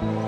Thank you.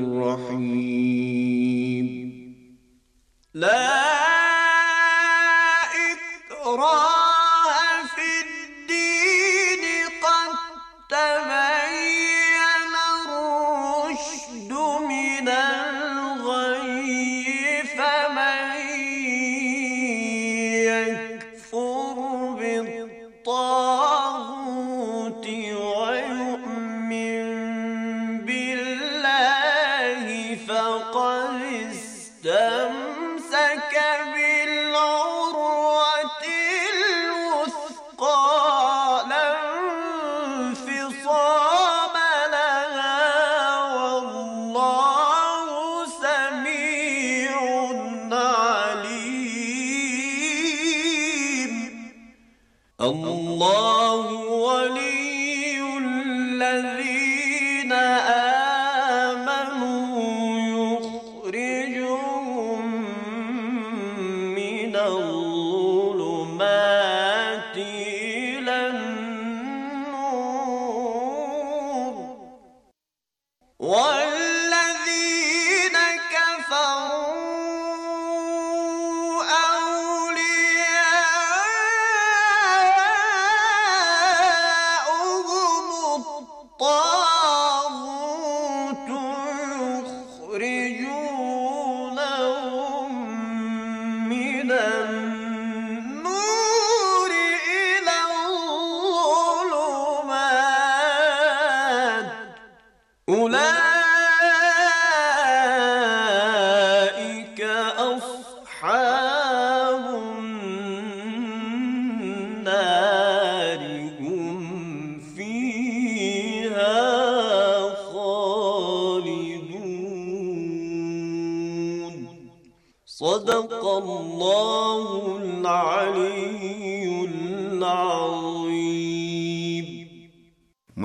ما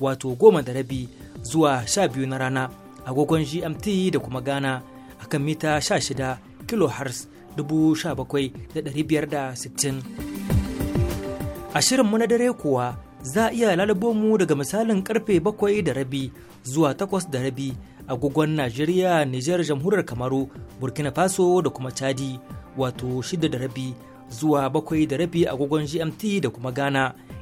wato goma da rabi zuwa sha biyu na rana agogon gmt da kuma ghana a kan mita biyar da sittin. a shirinmu na dare kuwa za a iya lalabo mu daga misalin karfe bakwai da rabi zuwa 8 da rabi agogon najeriya nijar jamhuriyar kamaru burkina faso da kuma chadi wato 6 da rabi zuwa 7 da rabi agogon gmt da kuma ghana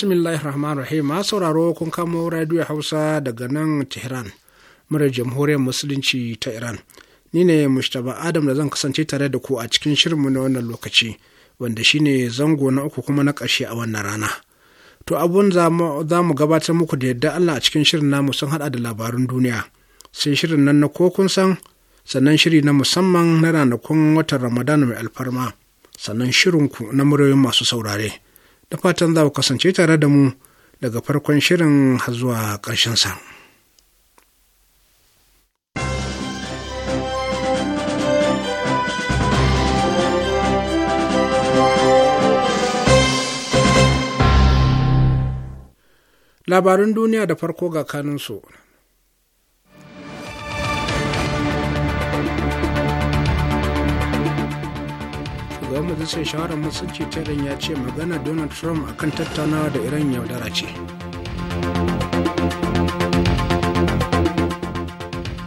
bismillahir rahmanir rahim ma sauraro kun kamo radio hausa daga nan tehran mura jamhuriyar musulunci ta iran ni ne mustaba adam da zan kasance tare da ku a cikin shirinmu na wannan lokaci wanda shine zango na uku kuma na ƙarshe a wannan rana to abun za mu gabatar muku da yadda allah a cikin shirin namu sun hada da labarun duniya sai shirin nan na ko kun san sannan shiri na musamman na ranakun watan ramadan mai alfarma sannan shirinku na muryoyin masu saurare da fatan za ku kasance tare da mu daga farkon shirin har zuwa sa. Labarin duniya da farko ga kanunsu. dan majalisar shawarar musulci tarin ya ce magana donald trump akan tattaunawa da iran yaudara ce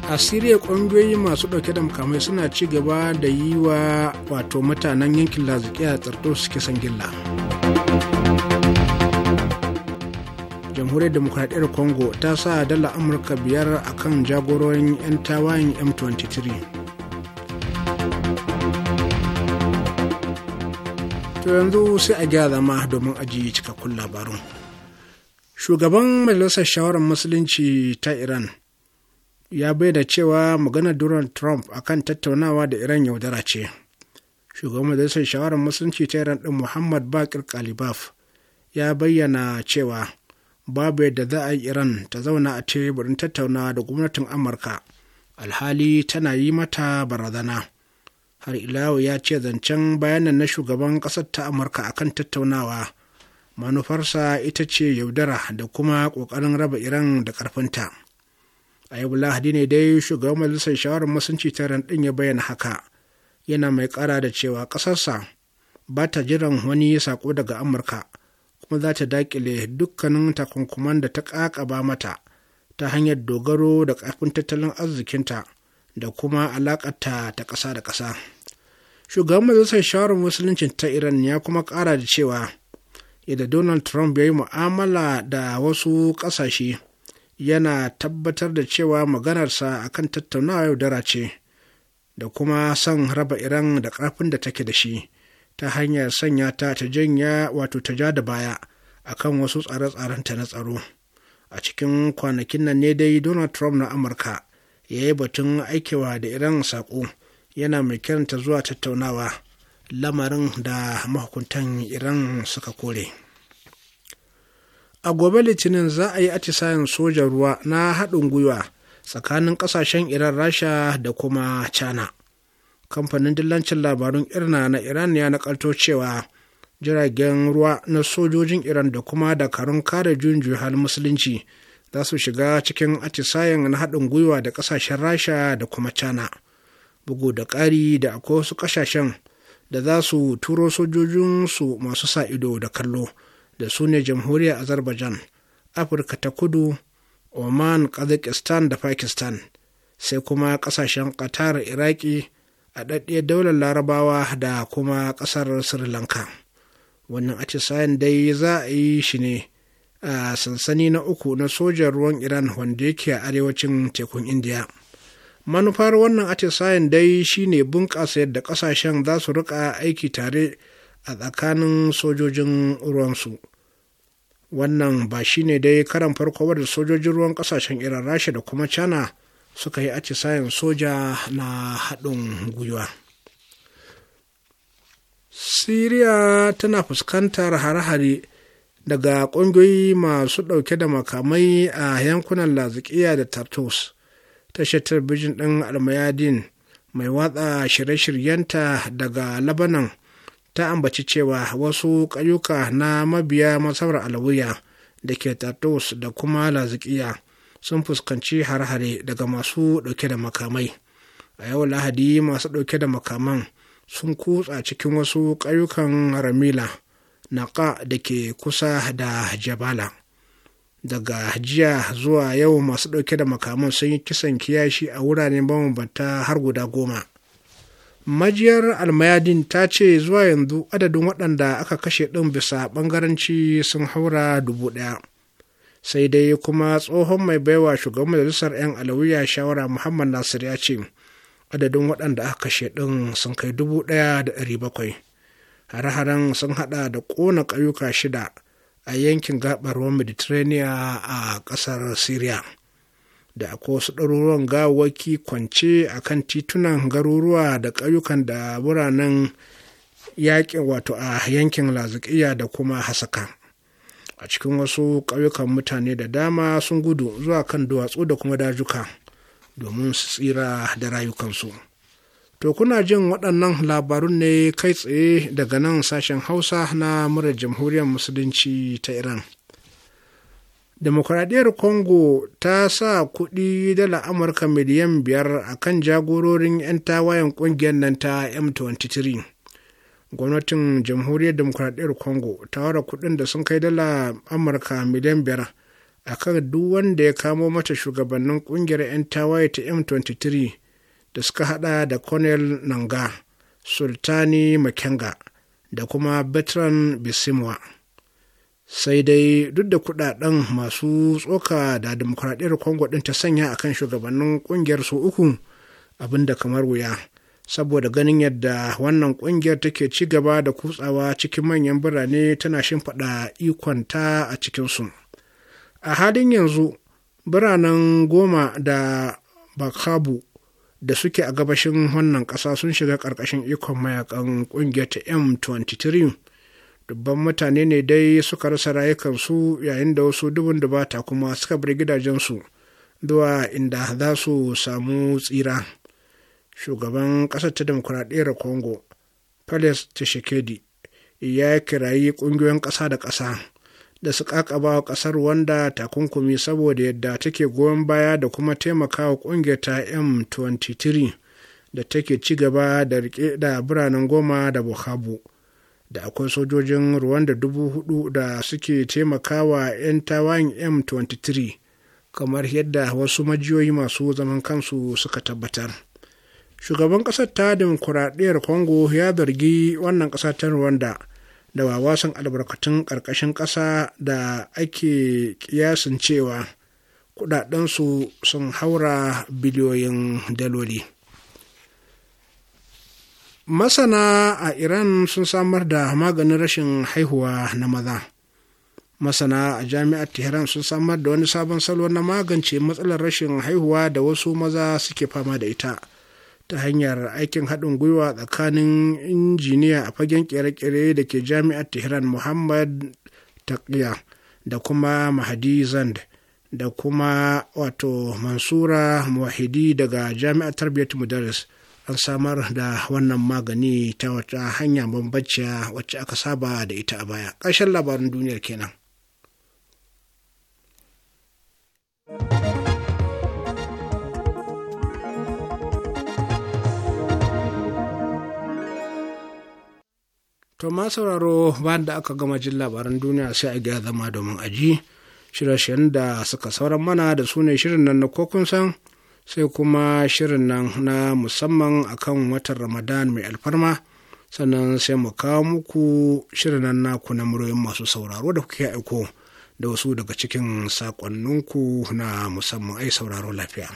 a siriya ƙungiyoyi masu ɗauke da mukamai suna ci gaba da yi wa wato mutanen yankin laziki a tsarto suke san gilla jamhuriyar demokradiyyar congo ta sa dala amurka biyar akan kan jagororin 'yan tawayen m23 To yanzu sai a gyara zama domin ajiye cikakkun labarun. Shugaban Majalisar Shawarar Musulunci ta Iran ya bayyana cewa maganar Donald Trump akan tattaunawa da Iran yaudara ce. Shugaban Majalisar Shawarar Musulunci ta Iran ɗin Muhammad Bakir Kalibaf ya bayyana cewa babu yadda za a yi Iran ta zauna a teburin tattaunawa da gwamnatin Amurka alhali tana yi mata barazana. har ilawo ya ce zancen bayanan na shugaban ƙasar ta amurka akan tattaunawa manufarsa ita ce yaudara da kuma ƙoƙarin raba iran da ƙarfinta a yau lahadi ne dai shugaban majalisar shawarar masunci ta ran ya bayyana haka yana mai ƙara da cewa ƙasarsa ba ta jiran wani saƙo daga amurka kuma za ta daƙile dukkanin takunkuman da ta ƙaƙaba mata ta hanyar dogaro da ƙarfin tattalin arzikinta da kuma alaƙarta ta ƙasa da ƙasa. shugaban majalisar shawarar musulunci ta iran ya kuma kara da cewa idan donald trump ya yi mu'amala da wasu ƙasashe yana tabbatar da cewa maganarsa akan tattaunawa yaudara ce da kuma son raba iran da ƙarfin da take da shi ta hanyar sanya ta ta janya wato ta ja da baya akan wasu tsare-tsarenta na tsaro a cikin kwanakin nan ne dai donald trump na amurka ya yi batun aikewa da iran saƙo yana mai kiranta zuwa tattaunawa lamarin da mahukuntan iran suka kore a gobe litinin za a yi atisayen sojan ruwa na haɗin gwiwa tsakanin ƙasashen iran rasha da kuma china kamfanin dillancin labarun irna na iran ya nakalto cewa jiragen ruwa na sojojin iran da kuma dakarun kare juyin hal musulunci za su shiga cikin atisayen na haɗin gwiwa da ƙasashen rasha da kuma china bugu da ƙari da akwai wasu ƙasashen da za su turo sojojinsu masu sa ido da kallo da su ne jamhuriyar azerbaijan afirka ta kudu oman kazakistan da pakistan sai kuma ƙasashen qatar iraki a ɗaɗɗiyar daular larabawa da kuma ƙasar sri lanka wannan atisayen dai za a yi shi ne a sansani na uku na sojan ruwan iran wanda yake a arewacin tekun indiya manufar wannan atisayen dai shine bunƙasa yadda ƙasashen za su rika aiki tare a tsakanin sojojin ruwansu wannan ba shine dai karan farko da sojojin ruwan ƙasashen iran rasha da kuma china suka yi atisayen soja na haɗin gwiwa siriya tana fuskantar hare-hare daga ƙungiyoyi masu ɗauke da makamai a yankunan laziƙiya da tartus tashar talabijin ɗin almayadin mai watsa shirye-shiryenta daga labanan ta ambaci cewa wasu ƙayuka na mabiya masarar alawiya da ke tartus da kuma laziƙiya sun fuskanci har-hare daga masu ɗauke da makamai a yau lahadi masu ɗauke da makaman sun kutsa cikin wasu ƙayukan ramila naƙa da ke kusa da jabala daga jiya zuwa yau masu ɗauke da makaman sun yi kisan kiyashi a wuraren mabambanta har guda goma majiyar almayadin ta ce zuwa yanzu adadin waɗanda aka kashe ɗin bisa ɓangaranci sun haura dubu ɗaya sai dai kuma tsohon mai baiwa shugaban majalisar 'yan alawiya shawara muhammad nasir ya ce adadin waɗanda aka kashe ɗin sun kai dubu ɗaya da ɗari bakwai hare-haren sun haɗa da ƙona ƙauyuka shida a yankin gabar mediterranean a ƙasar syria da akwai wasu ɗaruruwan gawaki kwance a kan titunan garuruwa da ƙauyukan da biranen yakin wato a yankin lazikiya da kuma hasaka a cikin wasu ƙauyukan mutane da dama sun gudu zuwa kan duwatsu da kuma dajuka domin su tsira da rayukansu. To kuna jin waɗannan labarun ne kai tsaye daga nan sashen Hausa na mura jamhuriyar Musulunci ta Iran. Demokuraɗiyar Congo ta sa kuɗi dala Amurka miliyan biyar a kan jagororin 'yan tawayen ƙungiyar nan ta M23. Gwamnatin Jamhuriyar Demokuraɗiyar Congo ta wara kuɗin da sun kai dala Amurka miliyan biyar a kan duk wanda ya kamo mata shugabannin ƙungiyar 'yan tawaye ta M23 da suka hada da Cornel Nanga, Sultani Makenga da kuma Bertrand Bisimwa. Sai dai duk da kudaden masu tsoka da demokuraɗiyar Congo ɗin ta sanya a kan shugabannin ƙungiyar su uku abinda kamar wuya. Saboda ganin yadda wannan ƙungiyar take ci gaba da kutsawa cikin manyan birane tana shimfiɗa ikonta a cikinsu. A halin yanzu, biranen goma da Bakabu da suke a gabashin wannan ƙasa sun shiga ƙarƙashin ikon mayakan ƙungiyar ta M23. Dubban mutane ne dai suka rasa rayukansu yayin da wasu dubun dubata kuma suka bar gidajensu zuwa inda za su samu tsira. Shugaban ƙasar ta demokuraɗiyyar Congo, Palace Tshisekedi, ya kirayi ƙungiyoyin ƙasa da ƙasa da su kakaba wa kasar wanda takunkumi saboda yadda take goyon baya da kuma taimakawa kungiyar ta m23 da take ci gaba da rike da biranen goma da buhabu da akwai sojojin rwanda dubu hudu da suke taimaka wa 'yan tawayin m23 kamar yadda wasu majiyoyi masu zaman kansu suka tabbatar shugaban ƙasar ta demokuraɗiyar congo ya zargi wannan ƙasar ta rwanda da wawasan albarkatun ƙarƙashin ƙasa da ake kiyasin cewa kudadensu sun haura biliyoyin daloli. Masana a Iran sun samar da maganin rashin haihuwa na maza. Masana a jami'ar Tehran sun samar da wani sabon salo na magance matsalar rashin haihuwa da wasu maza suke fama da ita. ta hanyar aikin haɗin gwiwa tsakanin injiniya a fagen kere-kere da ke jami'ar tehran muhammad taqiya da kuma mahadi zand da kuma wato mansura muwahidi daga jami'ar tarbiyyar mudaris an samar da wannan magani ta wata hanya bambanciya wacce aka saba da ita a baya ƙarshen labarin duniyar kenan To ma sauraro bayan da aka gama jin labaran duniya sai a gya zama domin aji shirye da suka sauran mana da su ne shirin nan na kokun san sai kuma shirin nan na musamman akan watan Ramadan mai alfarma sannan sai mu kawo muku shirin nan naku na muryoyin masu sauraro da kuke aiko da wasu daga cikin sakonninku na musamman ai sauraro lafiya.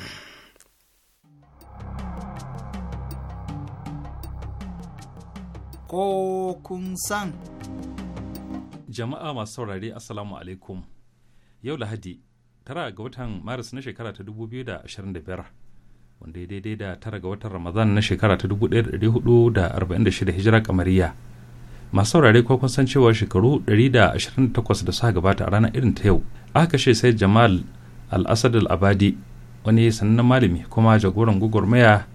ko kun san. Jama'a masu saurare Assalamu alaikum. Yau Lahadi, tara ga watan Maris na shekara ta 2025, wanda ya daidai da tara ga watan Ramadan na shekara ta 1446 hijira kamariya. Masu saurare ko kun san cewa shekaru 128 da suka gabata a ranar irin ta yau, aka kashe sai Jamal Al-Asad Al-Abadi, wani sannan malami kuma jagoran gugurmaya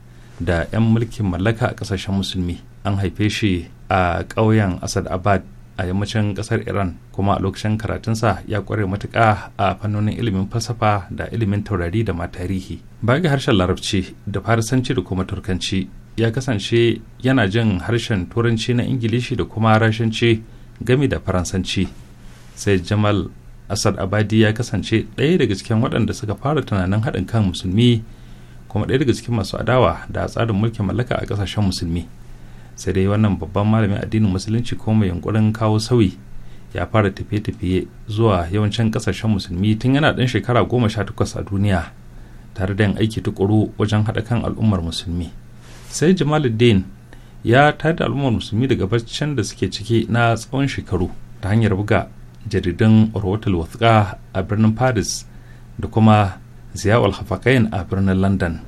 da 'yan mulkin mallaka a kasashen musulmi an haife shi a ƙauyen asad abad a yammacin ƙasar iran kuma a lokacin karatunsa ya kware matuƙa a fannonin ilimin falsafa da ilimin taurari da ma tarihi baya harshen larabci da farisanci da kuma turkanci ya kasance yana jin harshen turanci na ingilishi da kuma rashanci gami da faransanci sai jamal asad abadi ya kasance ɗaya daga cikin waɗanda suka fara tunanin haɗin kan musulmi kuma ɗaya daga cikin masu adawa da tsarin mulkin mallaka a ƙasashen musulmi sai dai wannan babban malamin addinin musulunci ko mai yunkurin kawo sauyi ya fara tafiye-tafiye zuwa yawancin ƙasashen musulmi tun yana ɗan shekara goma sha takwas a duniya tare da yin aiki tukuru wajen haɗa kan al'ummar musulmi sai jamaluddin ya tayar da al'ummar musulmi daga barcin da suke ciki na tsawon shekaru ta hanyar buga jaridun rahoton wasuƙa a birnin paris da kuma ziyawal hafakain a birnin london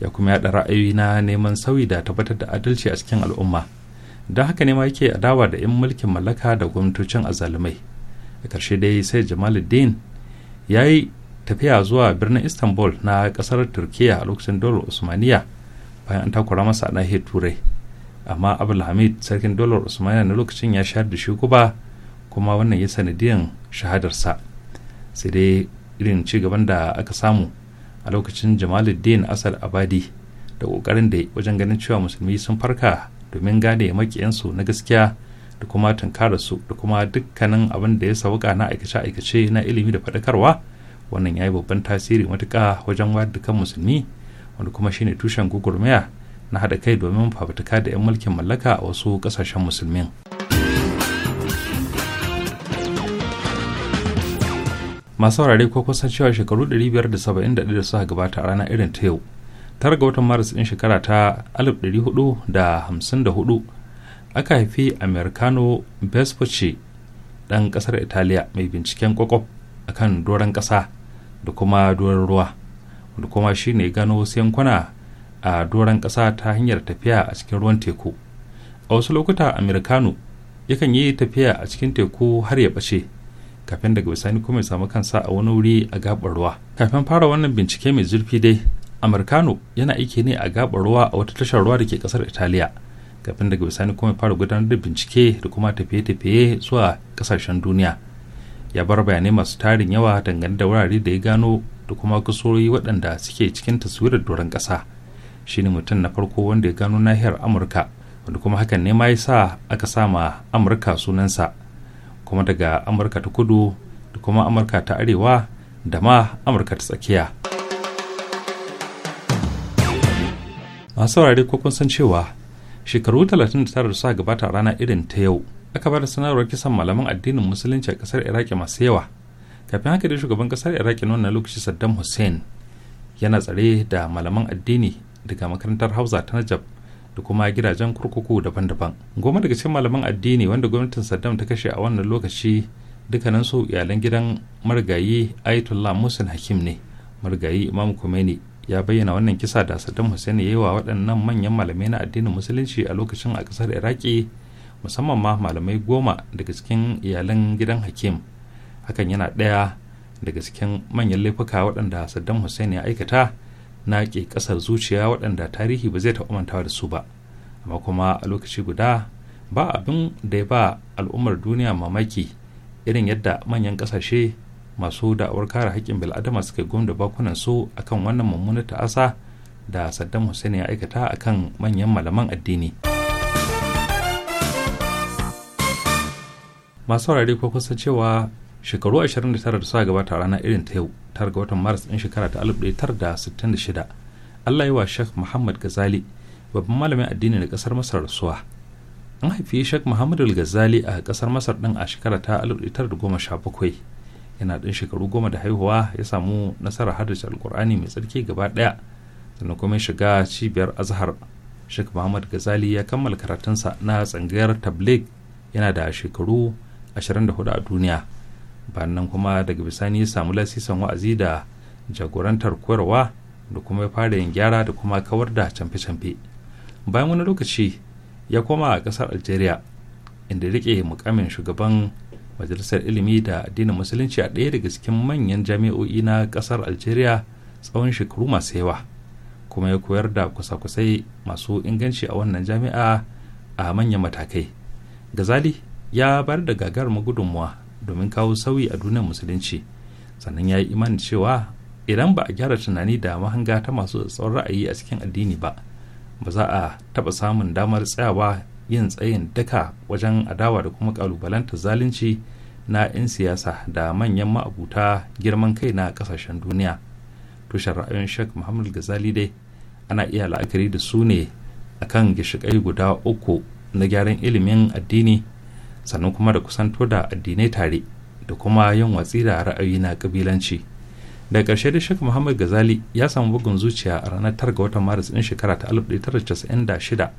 ya kuma yaɗa ra'ayoyi na neman sauyi da tabbatar da adalci a cikin al'umma don haka ne ma yake adawa da 'yan mulkin mallaka da gwamnatocin azalumai a ƙarshe dai sai jamaluddin ya yi tafiya zuwa birnin istanbul na ƙasar turkiyya a lokacin dolar usmaniya bayan an takura masa a nahiyar turai amma abdulhamid sarkin dolar usmaniya na lokacin ya shahar da shi kuma wannan ya sanadiyar shahadarsa sai dai irin ci gaban da aka samu a lokacin jamaluddin asad abadi da kokarin da wajen ganin cewa musulmi sun farka domin gane makiyansu na gaskiya da kuma tunkara su da kuma dukkanin abin da ya sauka na aikace-aikace na ilimi da faɗakarwa wannan ya yi babban tasiri matuƙa wajen wayar kan musulmi wanda kuma shine tushen gugurmaya na haɗa kai domin fafutuka da 'yan mulkin mallaka a wasu ƙasashen musulmin. masu saurare ko kusan cewa shekaru 571 da suka gabata a rana irin ta yau tare ga watan maris din shekara ta 1454 aka haifi americano vespucci dan kasar italiya mai binciken kwakwaf akan doron kasa da kuma doron ruwa wanda kuma shi ne gano wasu yankuna a doron kasa ta hanyar tafiya a cikin ruwan teku a wasu lokuta americano yakan yi tafiya a cikin teku har ya bace kafin daga bisani kuma ya samu kansa a wani wuri a gabar ruwa kafin fara wannan bincike mai zurfi dai amurkano yana aiki ne a gabar ruwa a wata tashar ruwa da ke kasar italiya kafin daga bisani kuma ya fara gudanar da bincike da kuma tafiye-tafiye zuwa kasashen duniya ya bar bayanai masu tarin yawa dangane da wurare da ya gano da kuma kusurori waɗanda suke cikin taswirar doron ƙasa shi ne mutum na farko wanda ya gano nahiyar amurka wanda kuma hakan ne ma ya sa aka sama amurka sunansa kuma daga amurka ta kudu da kuma amurka ta arewa da ma amurka ta tsakiya masu saurari ko kun san cewa shekaru 39 da suka gabata rana irin ta yau aka bada sanarwar kisan malaman addinin musulunci a kasar iraki masu yawa kafin haka da shugaban kasar iraki na lokaci saddam hussein yana tsare da malaman addini daga makarantar hausa ta najab da kuma gidajen kurkuku daban-daban goma daga cikin malaman addini wanda gwamnatin saddam ta kashe a wannan lokaci dukkanin su iyalan gidan marigayi ayatollah musin hakim ne marigayi imam khomeini ya bayyana wannan kisa da saddam hussein ya yi wa waɗannan manyan malamai na addinin musulunci a lokacin a ƙasar iraki musamman ma malamai goma daga cikin iyalan gidan hakim hakan yana ɗaya daga cikin manyan laifuka waɗanda saddam hussein ya aikata na ke kasar zuciya waɗanda tarihi ba zai taɓa mantawa da su ba amma kuma a lokaci guda ba abin da ya ba al'ummar duniya mamaki irin yadda manyan ƙasashe masu da'awar kare haƙƙin bil'adama suka da bakunan su akan wannan mummunar ta'asa da saddam hussein ya aikata akan manyan malaman addini masu saurare ko kusa cewa shekaru 29 da suka gabata rana irin ta yau tar ga watan maris ɗin shekara ta 1966 allah yi wa sheikh muhammad gazali babban malamin addini na kasar masar rasuwa an haifi sheikh muhammad gazali a kasar masar ɗin a shekara ta 1917 yana ɗin shekaru goma da haihuwa ya samu nasarar haddace alkur'ani mai tsarki gaba daya sannan kuma shiga cibiyar azhar sheikh muhammad gazali ya kammala karatunsa na tsangayar tabligh yana da shekaru 24 a duniya ba nan kuma daga bisani ya samu lasisan wa'azi da jagorantar koyarwa da kuma ya fara yin gyara da kuma kawar da camfe-camfe bayan wani lokaci ya koma a kasar algeria inda rike mukamin shugaban majalisar ilimi da addinin musulunci a ɗaya daga cikin manyan jami'o'i na kasar algeria tsawon shekaru masu yawa kuma ya koyar da kusa-kusai masu inganci a wannan jami'a a manyan matakai gazali ya bayar da gagarumar gudunmuwa domin kawo sauyi a duniyar musulunci sannan ya yi imanin cewa idan ba a gyara tunani da mahanga ta masu tsawon ra'ayi a cikin addini ba ba za a taɓa samun damar tsayawa yin tsayin daka wajen adawa da kuma ƙalubalantar zalunci na 'yan siyasa da manyan ma'abuta girman kai na ƙasashen duniya tushen ra'ayin sheikh muhammad gazali dai ana iya la'akari da su ne akan gishikai guda uku na gyaran ilimin addini sannan kuma da kusanto da addinai tare da kuma yin watsi da ra'ayi na kabilanci da ƙarshe da shek muhammad gazali ya samu bugun zuciya a ranar tara ga watan maris ɗin shekara ta 1996 a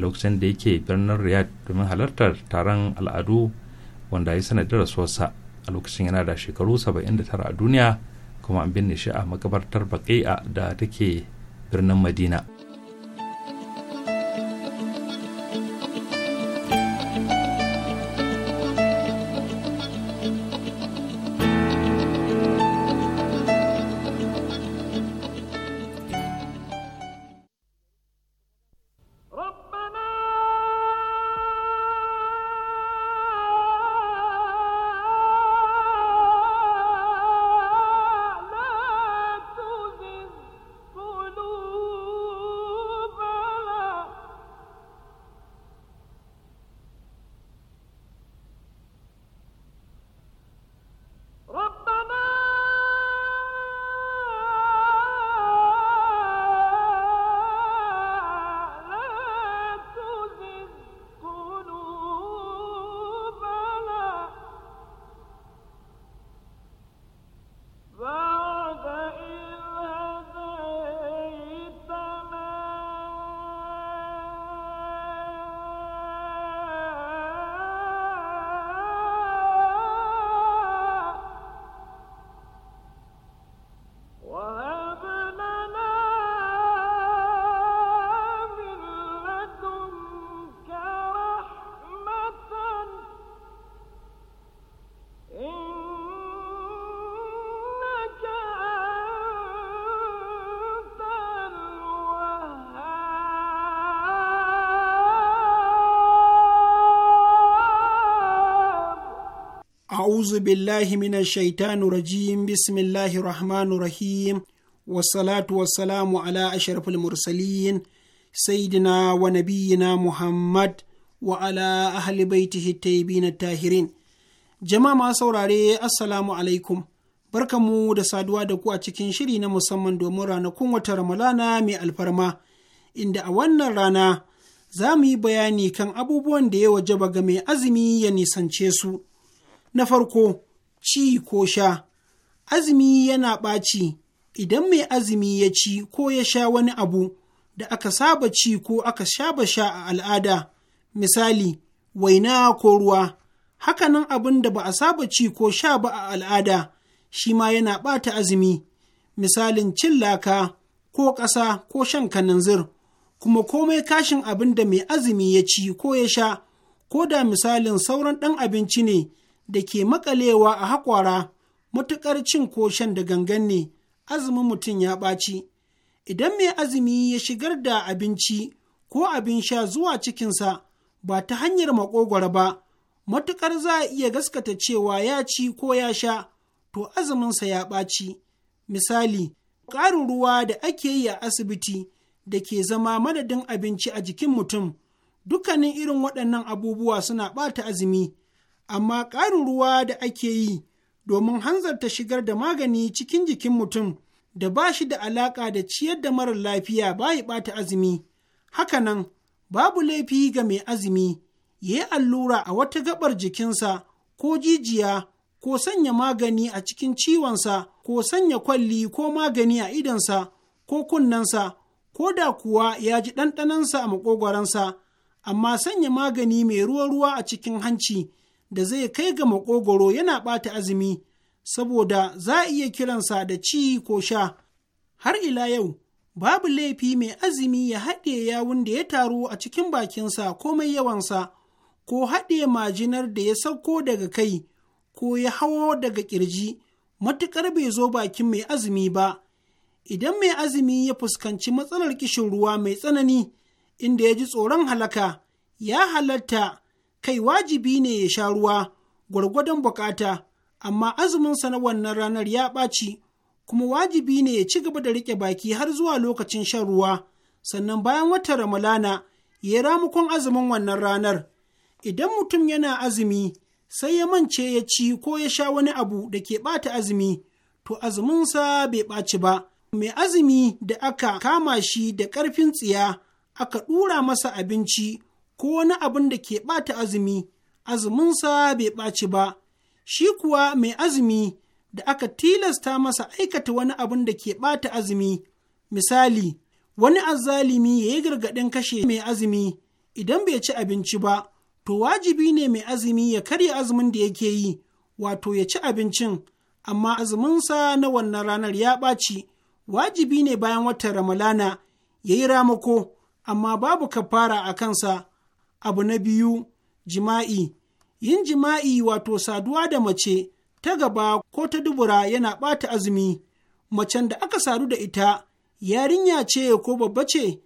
lokacin da yake birnin riyadh domin halartar taron al'adu wanda ya sanadin rasuwarsa a lokacin yana da shekaru 79 a duniya kuma an binne shi a makabartar baƙi'a da take birnin madina a'uzu billahi minash shaitani rajim bismillahir rahmanir rahim wassalatu wassalamu ala ashrafil mursalin sayyidina wa nabiyyina muhammad wa ala ahli baitihi tayyibin tahirin jama'a ma saurare assalamu alaikum barkamu da saduwa da ku a cikin shiri na musamman domin ranakun wata ramalana mai alfarma inda a wannan rana za mu yi bayani kan abubuwan da ya wajaba ga mai azumi ya nisance su Na farko, ci ko sha. Azumi yana ɓaci idan mai azumi ya ci ko ya sha wani abu da aka saba ci ko aka saba sha a al'ada, misali, waina ko ruwa. Hakanan abin da ba a saba ci ko sha ba a al'ada, shi ma yana ɓata azumi, misalin cin laka ko ƙasa ko shan kananzir. kuma komai kashin abin da mai azumi ya ci ko ya sha, ko da misalin sauran ɗan abinci ne da ke makalewa a haƙwara matuƙar cin ko da gangan ne azumin mutum ya ɓaci idan mai azumi ya shigar da abinci ko abin sha zuwa cikinsa ba ta hanyar maƙogwara ba matuƙar za a iya gaskata cewa ya ci ko ya sha to azuminsa ya ɓaci misali ƙarin ruwa da ake yi a asibiti da ke zama madadin abinci a jikin mutum dukkanin irin waɗannan abubuwa suna ɓata azumi amma ƙarin ruwa da ake yi domin hanzarta shigar da magani cikin jikin mutum da ba shi da alaƙa da ciyar da marar lafiya ba bayi ɓata azumi. Hakanan, babu laifi ga mai azumi, ya yi allura a wata gaɓar jikinsa ko jijiya ko sanya magani a cikin ciwonsa ko sanya kwalli ko magani a idonsa ko kunnensa ko da kuwa ya ji ɗanɗanansa a maƙogwaransa, amma sanya magani mai ruwa-ruwa a cikin hanci da zai kai ga makogoro yana ɓata azumi saboda za a iya kiransa da ci ko sha har ila yau babu laifi mai azumi ya haɗe yawun da ya taru a cikin bakinsa ko komai yawansa ko haɗe majinar da ya sauko daga kai ko ya hawo daga ƙirji matuƙar bai zo bakin mai azumi ba idan mai azumi ya fuskanci matsalar kishin ruwa mai tsanani inda ya ji tsoron halaka ya halatta kai wajibi ne ya sha ruwa gwargwadon bukata, amma azuminsa na wannan ranar ya ɓaci, kuma wajibi ne ya ci gaba da riƙe baki har zuwa lokacin shan ruwa, sannan bayan wata Ramalana ya ramukon azumin wannan ranar. Idan mutum yana azumi, sai ya mance ya ci ko ya sha wani abu da ke ɓata azumi, to azuminsa bai ɓaci ba. Mai azumi da aka kama shi da ƙarfin tsiya, aka ɗura masa abinci ko wani abin da ke ɓata azumi, azuminsa bai ɓaci ba, shi kuwa mai azumi da aka tilasta masa aikata wani abin da ke ɓata azumi, misali, wani azalimi ya yi gargaɗin kashe mai azumi idan bai ci abinci ba, to wajibi ne mai azumi ya karya azumin da yake yi, wato ya ci abincin, amma azuminsa na wannan ranar ya ɓaci, wajibi ne bayan watan Ramalana ya yi ramako, amma babu kafara a kansa. abu na biyu jima'i yin jima'i wato saduwa da mace ta gaba ko ta dubura yana ɓata azumi macen da aka sadu da ita yarinya ce ko babba ce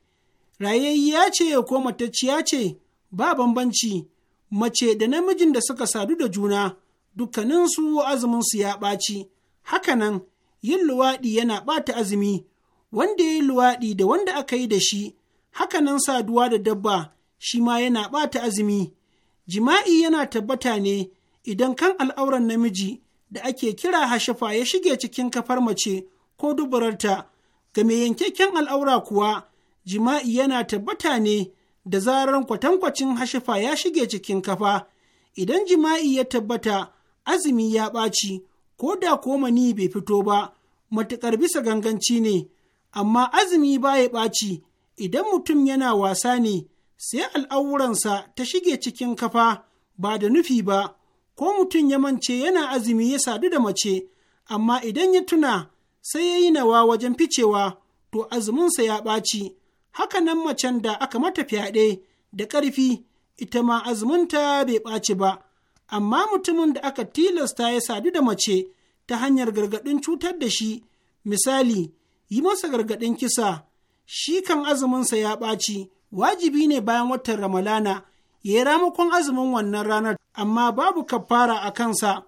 rayayya ce ko matacciya ce ba bambanci mace da namijin da suka sadu da juna dukkaninsu azuminsu ya ɓaci hakanan yin luwaɗi yana ɓata azumi wanda ya yi luwaɗi da wanda aka yi da shi hakanan saduwa da dabba shi ma yana ɓata azumi. Jima'i yana tabbata ne idan kan al'auran namiji da ake kira hashafa ya shige cikin kafar mace ko duburarta, ga mai yankakken al'aura kuwa jima'i yana tabbata ne da zarar kwatankwacin hashafa ya shige cikin kafa. Idan jima'i ya tabbata, azumi ya ɓaci, ko da koma ni bai fito ba, matuƙar bisa ganganci ne, amma azumi ba ya ɓaci idan mutum yana wasa ne sai al'auransa ta shige cikin kafa ba da nufi ba, ko mutum ya mance yana azumi ya sadu da mace, amma idan ya tuna sai ya yi nawa wajen ficewa, to azuminsa ya ɓaci, haka nan macen da aka mata fyaɗe da ƙarfi, ita ma azuminta bai ɓaci ba, amma mutumin da aka tilasta ya sadu da mace ta hanyar gargaɗin cutar da shi, misali, yi masa gargaɗin kisa, shi kan azuminsa ya ɓaci. wajibi ne bayan watan Ramalana ya yi ramakon azumin wannan ranar, amma babu kafara a kansa.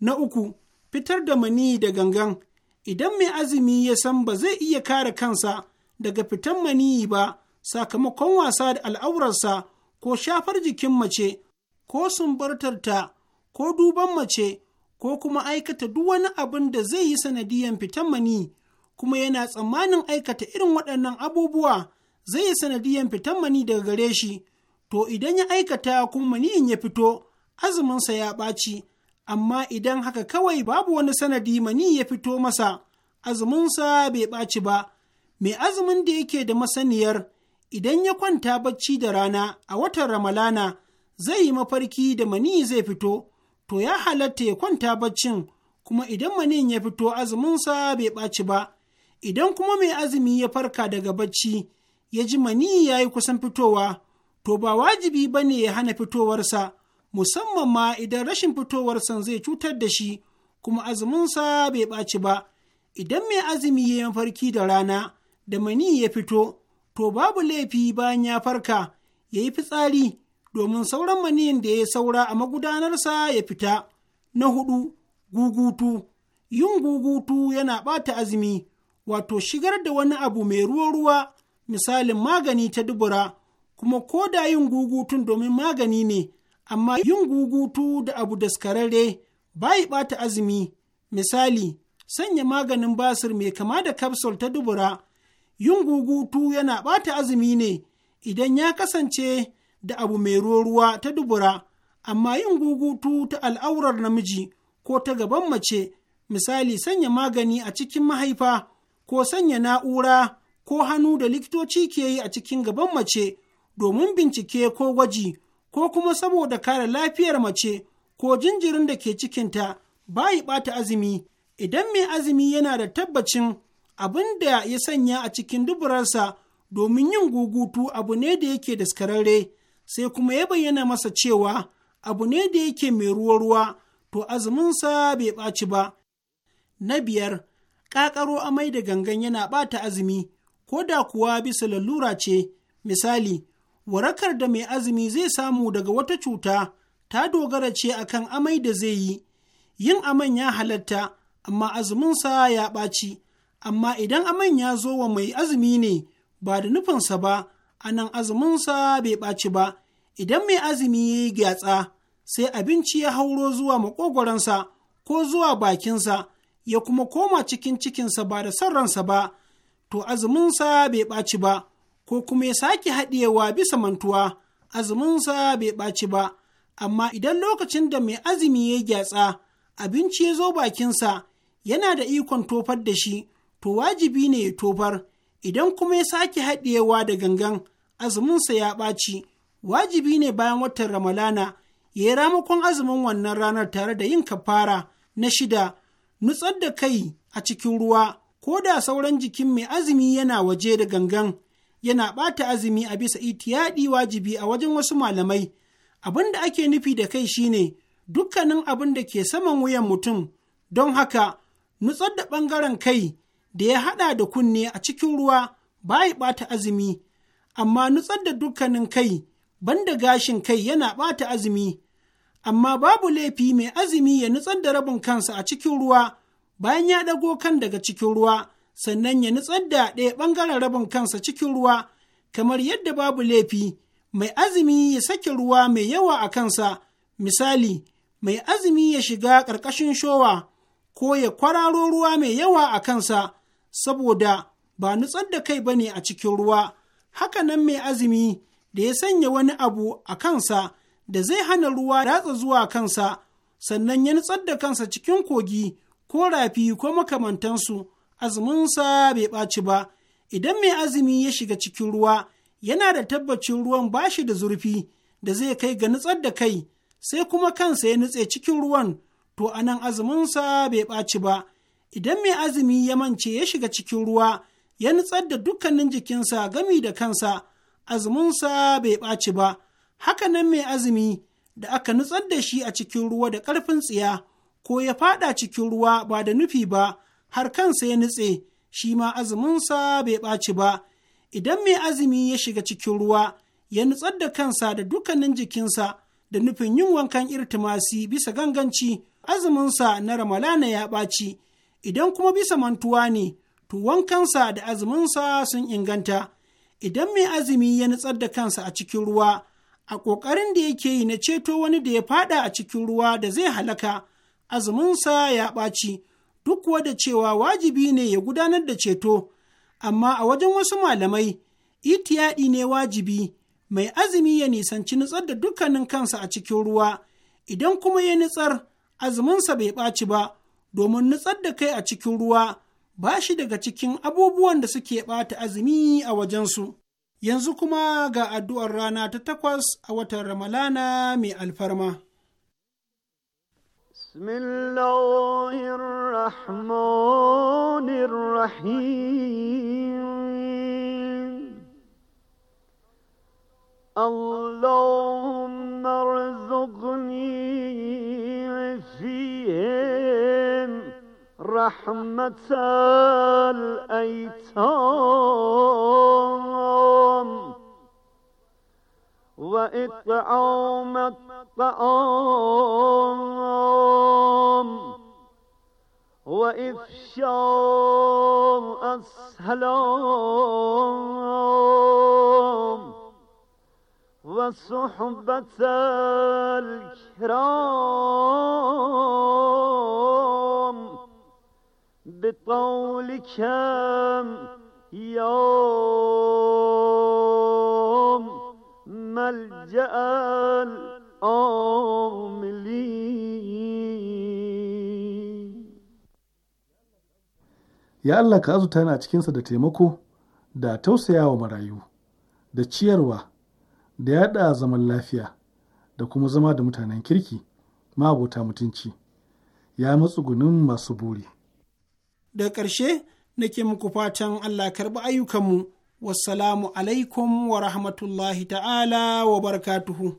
Na uku, fitar da maniyi da gangan, idan mai azumi ya san ba zai iya kare kansa daga fitan maniyi ba, sakamakon wasa da al'aurarsa ko shafar jikin mace, ko sumbartarta, ko duban mace, ko kuma aikata duk wani abin da zai yi sanadiyan fitan maniyi, kuma yana tsammanin aikata irin waɗannan abubuwa. zai yi sanadiyan fitan mani daga gare shi to idan ya aikata kuma maniyin ya fito azuminsa ya ɓaci amma idan haka kawai babu wani sanadi mani ya fito masa azuminsa bai ɓaci ba mai azumin da yake da masaniyar idan ya kwanta bacci da rana a watan ramalana zai yi mafarki da mani zai fito to ya halatta ya kwanta baccin kuma idan maniyin ya fito azuminsa bai ɓaci ba idan kuma mai azumi ya farka daga bacci ya ji mani ya yi kusan fitowa, to ba wajibi ba ne ya hana fitowarsa, musamman ma idan rashin fitowarsa zai cutar da shi, kuma azuminsa bai ɓaci ba. Idan mai azumi ya yi mafarki da rana, da mani ya fito, to babu laifi bayan ya farka, ya yi fitsari, domin sauran maniyin da ya saura a magudanarsa ya fita. Na hudu, gugutu. Yin gugutu yana ɓata azumi, wato shigar da wani abu mai ruwa-ruwa misalin magani ta dubura kuma ko da yin gugutun domin magani ne amma yin gugutu da abu daskararre bayi ɓata azumi misali sanya maganin basir mai kama da kapsul ta dubura yin gugutu yana ɓata azumi ne idan ya kasance da abu mai ruwa ta dubura amma yin gugutu ta al'aurar namiji ko ta gaban mace misali sanya magani a cikin mahaifa ko sanya na'ura ko hannu da likitoci ke yi a cikin gaban mace domin bincike ko gwaji ko kuma saboda kare lafiyar mace ko jinjirin da ke cikinta bayi bata azumi idan mai azumi yana da tabbacin abin da ya sanya a cikin duburarsa domin yin gugutu abu ne da yake daskararre sai kuma ya bayyana masa cewa abu ne da yake mai ruwa-ruwa to azuminsa bai ɓaci ba. Na biyar, ƙaƙaro amai da gangan yana ɓata azumi, ko da kuwa bisa lalura ce, misali, warakar da mai azumi zai samu daga wata cuta ta dogara ce akan amai da zai yi, yin aman ya halatta, amma azuminsa ya ɓaci, amma idan aman ya zo wa mai azumi ne ba da nufinsa ba, anan azuminsa bai ɓaci ba, idan mai azumi ya yi gyatsa, sai abinci ya hauro zuwa maƙogwaronsa ko zuwa bakinsa, ya kuma koma cikin cikinsa ba da son ransa ba. to azuminsa bai ɓaci ba, ko kuma ya sake haɗewa bisa mantuwa, azuminsa bai ɓaci ba, amma idan lokacin da mai azumi ya gyatsa, abinci ya zo bakinsa, yana da ikon tofar da shi, to wajibi ne ya tofar, idan kuma ya sake haɗewa da gangan, azuminsa ya ɓaci, wajibi ne bayan watan Ramalana, ya yi ramakon azumin wannan ranar tare da yin kafara na shida, nutsar da kai a cikin ruwa. ko da sauran jikin mai azumi yana waje da gangan yana ɓata azumi a bisa itiyaɗi wajibi a wajen wasu malamai abin da ake nufi da kai shine dukkanin abin da ke saman wuyan mutum don haka nutsar da ɓangaren kai da ya haɗa da kunne a cikin ruwa baya ɓata azumi amma nutsar da dukkanin kai banda gashin kai yana ɓata azumi amma babu laifi mai azumi ya nutsar da rabin kansa a cikin ruwa bayan ya ɗago kan daga cikin ruwa sannan ya nutsar da ɗaya ɓangaren rabin kansa cikin ruwa kamar yadda babu laifi mai azumi ya sake ruwa mai yawa a kansa misali mai azumi ya shiga ƙarƙashin showa ko ya kwararo ruwa mai yawa a kansa saboda ba nutsar da kai ba ne a cikin ruwa haka nan mai azumi da ya sanya wani abu a kansa da zai hana ruwa ratsa zuwa kansa sannan ya nutsar da kansa cikin kogi ko rafi ko makamantansu azuminsa bai ɓaci ba idan mai azumi ya shiga cikin ruwa yana da tabbacin ruwan ba shi da zurfi da zai kai ga nutsar da kai sai kuma kansa ya nutse cikin ruwan to anan azuminsa bai ɓaci ba idan mai azumi ya mance ya shiga cikin ruwa ya nutsar da dukkanin jikinsa gami da kansa azuminsa bai ɓaci ba Haka nan mai azumi da aka nutsar da shi a cikin ruwa da ƙarfin tsiya ko ya faɗa cikin ruwa ba da nufi ba har kansa ya nutse shi ma azuminsa bai ɓaci ba idan mai azumi ya shiga cikin ruwa ya nutsar da kansa da dukkanin jikinsa da nufin yin wankan irtimasi bisa ganganci azuminsa na ramalana ya ɓaci idan kuma bisa mantuwa ne to wankansa da azuminsa sun inganta idan mai azumi ya nutsar da kansa a cikin ruwa a ƙoƙarin da yake yi na ceto wani da ya faɗa a cikin ruwa da zai halaka azuminsa ya ɓaci, duk kuwa da cewa wajibi ne ya gudanar da ceto, amma a wajen wasu malamai, itiyaɗi ne wajibi, mai azumi ya nisanci nutsar da dukkanin kansa a cikin ruwa, idan kuma ya nutsar, azuminsa bai ɓaci ba, domin nutsar da kai a cikin ruwa ba shi daga cikin abubuwan da suke ɓata azumi a wajensu. Yanzu kuma ga addu'ar rana ta takwas a watan Ramalana mai alfarma. بسم الله الرحمن الرحيم اللهم ارزقني فيهم رحمة الأيتام وإطعام الطعام وإفشاء السلام وصحبة الكرام بطولك يا ملجأ ya Allah ka azuta yana cikinsa da taimako da tausayawa marayu da ciyarwa da yada zaman lafiya da kuma zama da mutanen kirki ma'abota mutunci ya matsugunin masu buri da ƙarshe nake muku fatan Allah karɓi ayyukanmu wassalamu alaikum wa rahmatullahi ta'ala wa barakatuhu.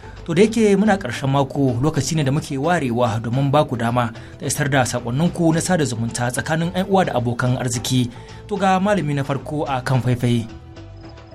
To da yake muna ƙarshen mako lokaci ne da muke warewa domin ba ku dama da isar da sakonninku na sada zumunta tsakanin 'yan uwa da abokan arziki. To ga malami na farko a kan faifai.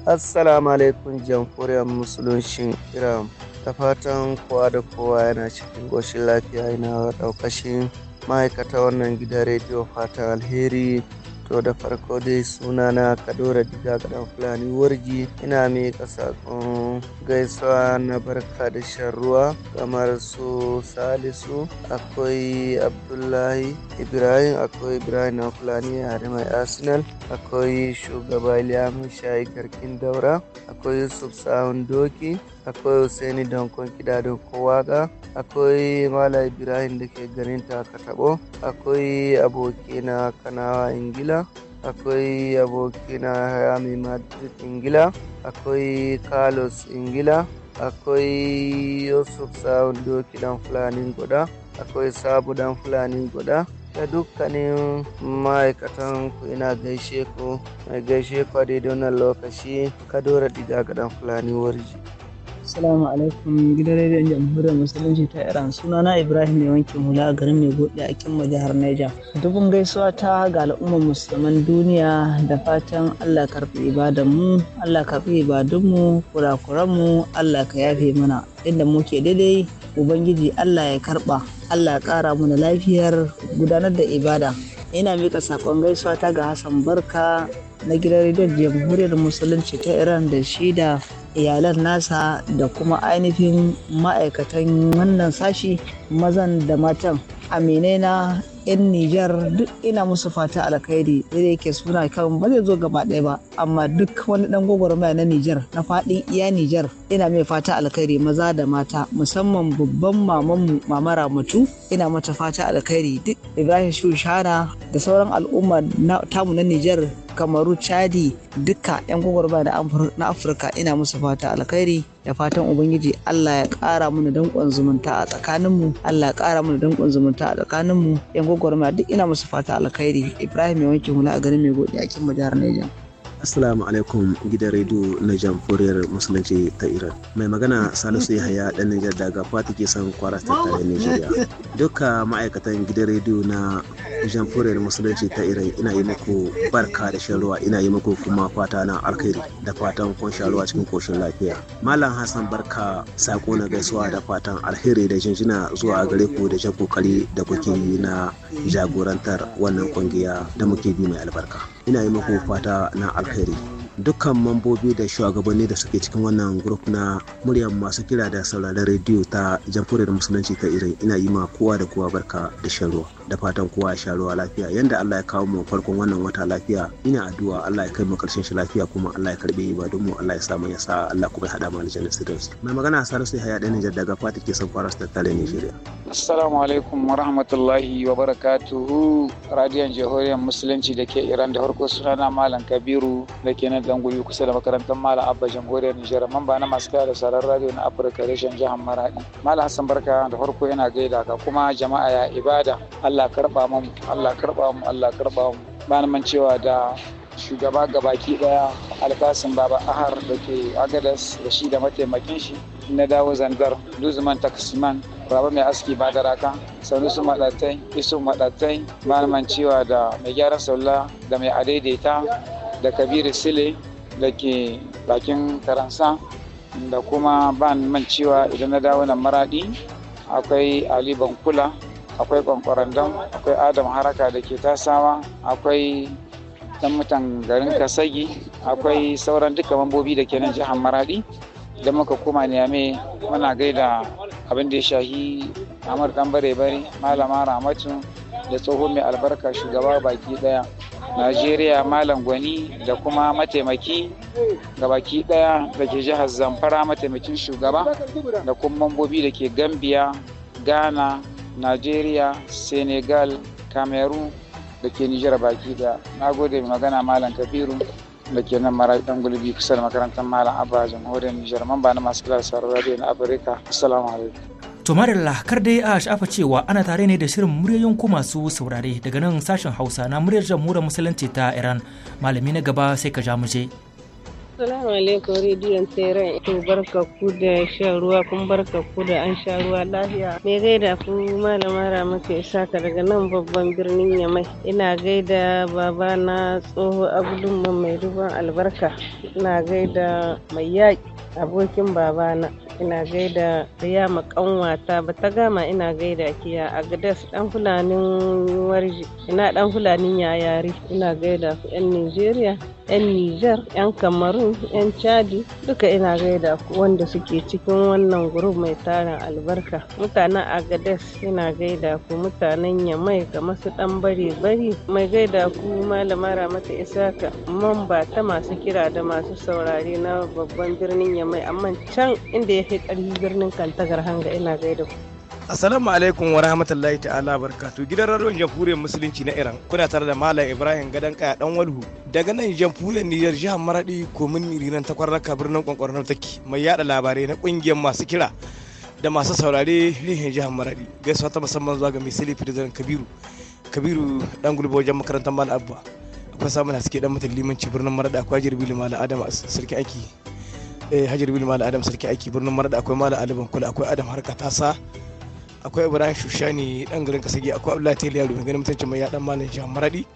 Assalamu alaikum jamhuriyar musulunshin Iran. Da fatan kowa da kowa yana cikin goshin lafiya yana daukashin ma'aikata wannan gidan rediyo fatan alheri To da farko dai sunana Kadora Diga Gadan Fulani Warji ina mai kasakon gaisuwa na barka da ruwa kamar su Salisu akwai Abdullahi Ibrahim akwai Ibrahim na Fulani a mai Arsenal akwai shugaba Liam Shayi Garkin Daura akwai Yusuf Sahun Doki akwai Hussaini Dankon Kida Dankon akwai Mala Ibrahim da ke garin Takatabo, akwai abokina Kanawa Ingila, akwai abokina Hayami Madrid Ingila, akwai Carlos Ingila, akwai Yusuf Sa'un Doki Dan Fulani Goda, akwai Sabu Dan Fulani Goda, ta dukkanin ma'aikatan ku ina gaishe ku mai gaishe ku a daidai wannan lokaci ka dora diga ga dan fulani warji Assalamu alaikum gidan rediyon jamhuriyar musulunci ta Iran sunana Ibrahim ne wankin hula a garin mai gode a kimma jihar Niger. Dubun gaisuwa ta ga al'ummar musulman duniya da fatan Allah karɓi ibadan mu, Allah karɓi ibadun mu, kurakuran mu, Allah ka yafe mana. Inda muke daidai Ubangiji Allah ya karɓa. Allah ya ƙara mana lafiyar gudanar da ibada. Ina mika saƙon gaisuwa ta ga Hassan Barka na gidan rediyon jamhuriyar musulunci ta Iran da shi da iyalan nasa da kuma ainihin ma'aikatan wannan sashi mazan da matan. Aminai 'yan Nijar duk ina musu fata alkhairi da yake suna kan ba zai zo gaba ɗaya ba amma duk wani dan gwagwarmaya na Nijar na faɗin iya Nijar ina mai fata alkhairi maza da mata musamman babban mamanmu mamara mutu ina mata fata alkhairi duk Ibrahim Shushana da sauran al'umma tamu na Nijar kamaru chadi duka 'yan gwagwarba na afirka ina musu fata alkhairi da fatan ubangiji allah ya kara mana danƙon zumunta a tsakaninmu allah ya kara mana danƙon zumunta a tsakaninmu 'yan gwagwarma duk ina musu fata alkhairi ibrahim ya wanke hula a garin mai godiya kimba jihar niger Assalamu alaikum gidan rediyo na jamhuriyar musulunci ta Iran. Mai magana Salisu Yahaya ɗan Nijar daga Fati ke son kwara ta tare Nijeriya. Duka ma'aikatan gidan rediyo na jamhuriyar musulunci ta Iran ina yi muku barka da shan ruwa ina yi muku kuma fata na alkhairi da fatan kun sha ruwa cikin koshin lafiya. Malam Hassan barka sako na gaisuwa da fatan alheri da jinjina zuwa gare ku da jan kokari da kuke yi na jagorantar wannan kungiya da muke bi mai albarka. ina yi maku fata na alheri dukkan mambobi da shugabanni da suke cikin wannan grup na muryar masu kira da sauraron rediyo ta jamhuriyar musulunci ta irin ina yi ma kowa da kowa barka da sharuwa, da fatan kowa ya sha ruwa lafiya yanda Allah ya kawo mu farkon wannan wata lafiya ina addu'a Allah ya kai mu karshen shi lafiya kuma Allah ya karbe ibadun mu Allah ya sa mu ya sa Allah kuma ya hada mu aljanna sa. mai magana Salisu yaɗa ɗan Nijar daga Fati ke son kwaras tare Nigeria Assalamu alaikum wa rahmatullahi wa barakatuhu radiyon jihohiyar musulunci da ke Iran da farko sunana Malam Kabiru da nan langoyi kusa da makarantar Malam Abba Jamhuriyar Nijar mamba na masu kaya da sarar radio na Afirka reshen jihar Maradi. Malam Hassan Barka da farko yana gaida ka kuma jama'a ya ibada Allah karba mu Allah karba mu Allah karba mu. Bana man cewa da shugaba gabaki daya alkasin baba ahar da ke agadas da shi da mataimakin shi na dawo zangar luzman taksiman raba mai aski ba da raka sanusu maɗatai isu maɗatai malaman cewa da mai gyaran saula da mai adaidaita da kabiru sile da ke bakin karansa da kuma ban man cewa idan na dawo nan maradi akwai ali bankula akwai kwankwarandam akwai adam haraka da ke tasawa akwai dan mutan garin kasagi akwai sauran duka mambobi da ke nan jihar maradi da muka koma niyame muna gaida abin da ya shahi amur dan bare bare malama ramatu da tsohon mai albarka shugaba baki daya najeriya malam gwani da kuma mataimaki ga baki daya da ke jihar zamfara mataimakin shugaba da kuma mambobi da ke gambia ghana najeriya senegal cameroon da ke nijar baki daya na gode mai magana malam kabiru da ke nan mara dan gulbi kusa da makarantar malam abba jamhuriyar nijar mamba na masu kula da sauran radio na afirka assalamu alaikum To Marilla kar dai a shafa cewa ana tare ne da shirin muryoyin ku masu saurare daga nan sashen Hausa na muryar jamhuriyar musulunci ta Iran. Malami na gaba sai ka ja mu je. Assalamu alaikum rediyon tseren to barka ku da shan ruwa kun barka ku da an sha ruwa lafiya. Me gaida ku malama Ramatu saka daga nan babban birnin Yamai. Ina gaida baba na tsoho Abdul mai ruwan albarka. Ina gaida mai yaƙi abokin babana ina gaida ya makanwata ba ta gama ina gaida kiya a gadas dan fulanin warji ina dan fulanin yayari ina gaida ku yan nigeria 'yan Nijar, 'yan Cameroon, 'yan Chadi duka ina gaida ku wanda suke cikin wannan gurin mai tarin albarka. Mutanen Agades ina gaida ku mutanen Yamai kamar su dan bare bari mai gaida ku malama Ramata Isaka mamba ta masu kira da masu saurare na babban birnin Yamai amma can inda ya fi ƙarfi birnin Kantagar hanga ina gaida ku. Assalamu alaikum wa rahmatullahi ta'ala barkatu gidan radio jamhuriyar musulunci na Iran kuna tare da Malam Ibrahim Gadan Kaya dan Walhu daga nan jamhuriyar Niger jihar Maradi komin Rinan takwarraka birnin Kwankwarnar take mai yada labarai na kungiyar masu kira da masu saurare rihin jihar Maradi gaisuwa ta musamman zuwa ga mai silifi Kabiru Kabiru dan gulba wajen makarantar malam Abba akwai samun haske dan mutum limanci birnin Maradi akwai Jirbi Malam Adam sarki aiki eh Hajar Malam Adam sarki aiki birnin Maradi akwai Malam Aliban Kula akwai Adam Harka Tasa akwai ibrahim shushani dan garin kasage akwai abdullahi tele yaro mai ganin mutuncin mai yadan malam jihar maradi